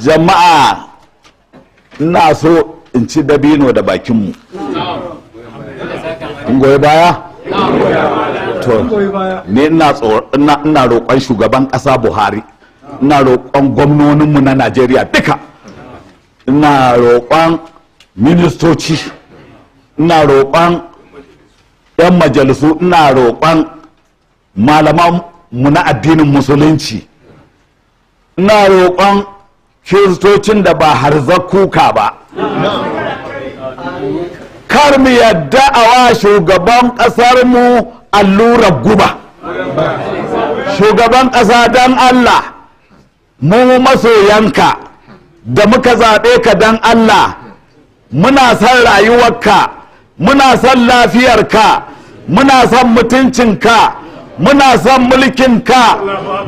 jama'a ina so in ci dabino da bakinmu in goyi baya? to ne ina roƙon shugaban ƙasa buhari ina roƙon gwamnoninmu na najeriya duka ina roƙon ministoci ina roƙon 'yan majalisu ina roƙon malaman mu na addinin musulunci ina roƙon kiristocin da ba kuka ba kar mu yadda a wa shugaban ƙasar mu allurar guba shugaban ƙasa don allah mu masoyanka da muka zaɓe ka don allah muna son rayuwarka muna son lafiyarka muna son mutuncinka muna son mulkinka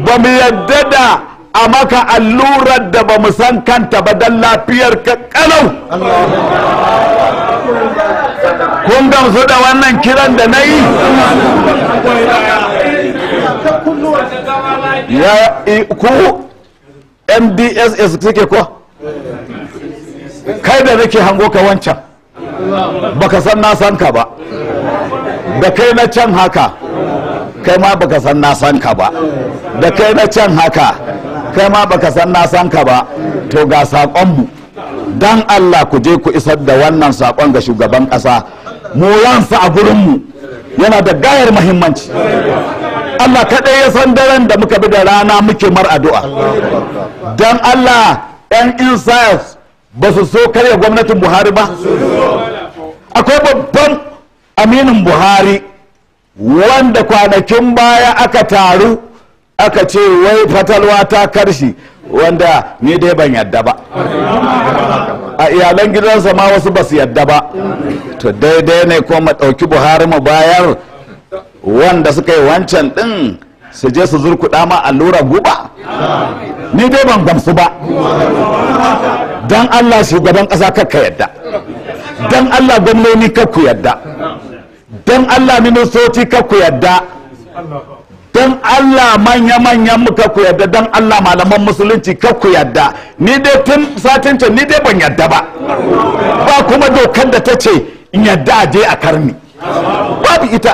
ba mu yadda da a maka allurar da ba mu san kanta ba don lafiyar ka kalau kun gamsu da wannan kiran da na yi ya ku mdss suke ko kai da nake hango ka wancan baka san na san ka ba da kai na can haka kai ma baka san na san ka ba da kai na can haka kai ma baka san na san ka ba to ga saƙonmu dan Allah ku je ku isar da wannan sakon ga shugaban ƙasa mu yansa a gurinmu yana da gayar muhimmanci Allah kaɗai ya san daren da muka bi da rana muke mar addu'a dan Allah 'yan insayas ba su so karya gwamnatin buhari ba akwai babban aminin buhari wanda kwanakin baya aka taru aka ce wai fatalwa ta karshe wanda ni dai ban yadda ba a iyalan gidansa ma wasu ba su yadda ba to daidai ne ko mu ɗauki buhari mu bayar wanda suka yi wancan ɗin su je su zurkuɗa ma allura guba ni dai ban gamsu ba don allah shugaban ƙasa kakka yadda don allah gwamnoni kakku yadda don allah ministoci kakku yadda don Allah manya-manyan mu ku yadda don Allah malaman musulunci ku yadda ni dai tun satin can ni dai ban yadda ba ba kuma dokar da ta ce in yadda a je a karni babu ita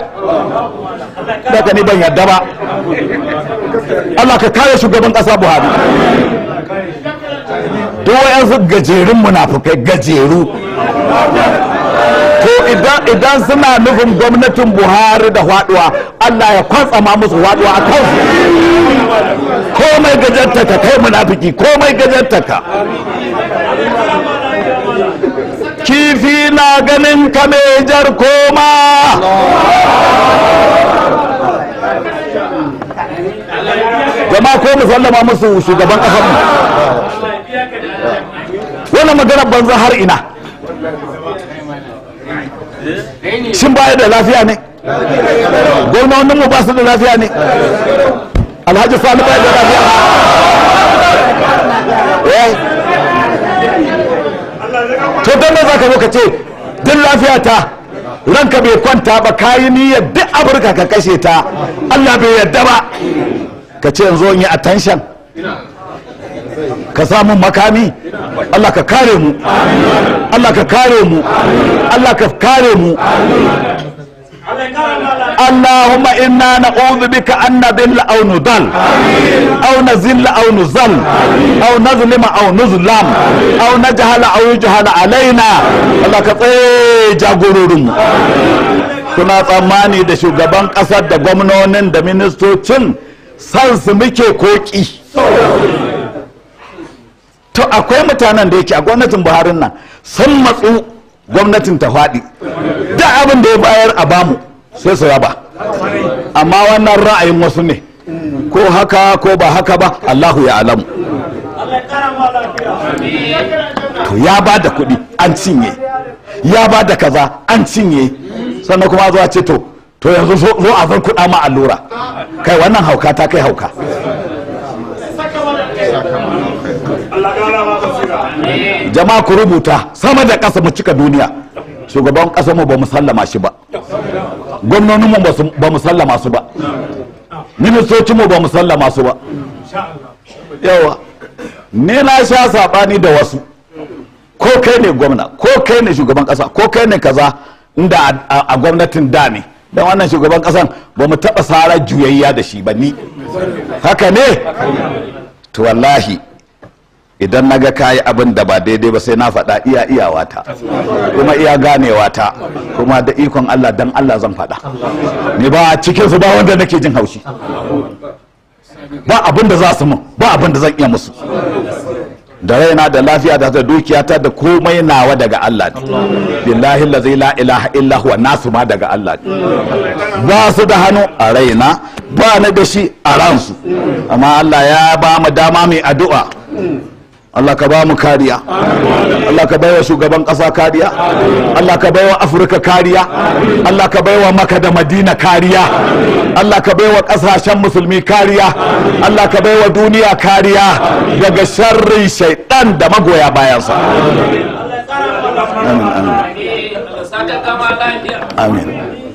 daga ni ban yadda ba Allah ka kare shugaban kasa Buhari duk wayansu gajerun munafukai gajeru idan suna nufin gwamnatin buhari da faduwa allah ya ma musu faduwa a kansu komai gajantaka kai munafiki komai gajantaka kifi na ganin ka jar koma Jama ko musallama musu shugaban kasar mu wannan magana banza har ina shin baya da lafiya ne gwamnonin mu ba su da lafiya ne alhaji sani baya da lafiya eh. to don za ka zo ka ce duk lafiya ta ranka bai kwanta ba kayi niyyar duk afirka ka kashe ta allah bai yadda ba ka ce yanzu in yi attention ka samu makami Allah ka kare mu Allah ka kare mu Allah ka kare mu اللهم إنا نعوذ بك أن نذل أو نضل أو نزل أو نزل أو نظلم أو نظلم أو نجهل أو يجهل علينا الله كتير جاغورورم kuna tsammani da shugaban ƙasar da gwamnonin da ministocin sansu muke koki to akwai mutanen da yake a gwamnatin buharin nan sun matsu gwamnatin ta faɗi da abin da ya bayar a bamu sai su raba amma wannan ra'ayin wasu ne ko haka ko ba haka ba allahu ya alamu to ya ba da kuɗi an cinye ya ba da kaza an cinye sannan kuma zuwa ce to to yanzu zo a zan kuɗa ma allura kai wannan hauka ta kai hauka jama'a ku rubuta sama da ƙasa mu cika duniya shugaban ƙasa mu ba mu sallama shi ba gwamnonin mu ba mu sallama su ba ministoci mu ba mu sallama su ba yawa ne na sha sabani da wasu ko kai ne gwamna ko kai ne shugaban ƙasa ko kai ne kaza inda a gwamnatin da ne don wannan shugaban ƙasan ba mu taɓa sara juyayya da shi ba ni haka ne to wallahi idan na ga kayi abin da ba daidai ba sai na faɗa iya iyawata kuma iya ganewata kuma da ikon Allah dan Allah zan faɗa ni ba cikin su ba wanda nake jin haushi ba abin da za su mun ba abin da zan iya musu da raina da lafiya da ta da komai nawa daga Allah ne billahi allazi la ilaha illa huwa nasu ma daga Allah ne ba su da hannu a raina ba na da shi a ransu amma Allah ya ba mu dama mai addu'a Allah ka ba mu kariya Allah ka baiwa shugaban ƙasa kariya Allah ka baiwa Afirka kariya Allah ka baiwa Maka da Madina kariya Allah ka baiwa ƙasashen musulmi kariya Allah ka baiwa duniya kariya daga sharrin shaidan da magoya bayansa amin amin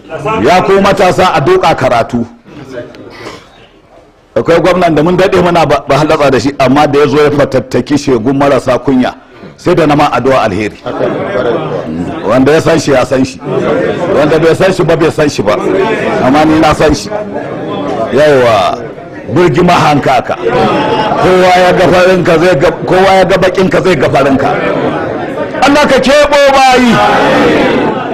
amin ya ku matasa a doka karatu akwai gwamnan da mun daɗe mana ba halatsa da shi amma da ya zo ya fatattaki shegun marasa kunya sai da nama addu'a alheri wanda ya san shi ya san shi wanda bai san shi ba bai san shi ba amma ni na san shi yawa burgi ka, kowa ya ka zai kowa ya ga ka, zai ga farin ka. Allah ka keɓo bayi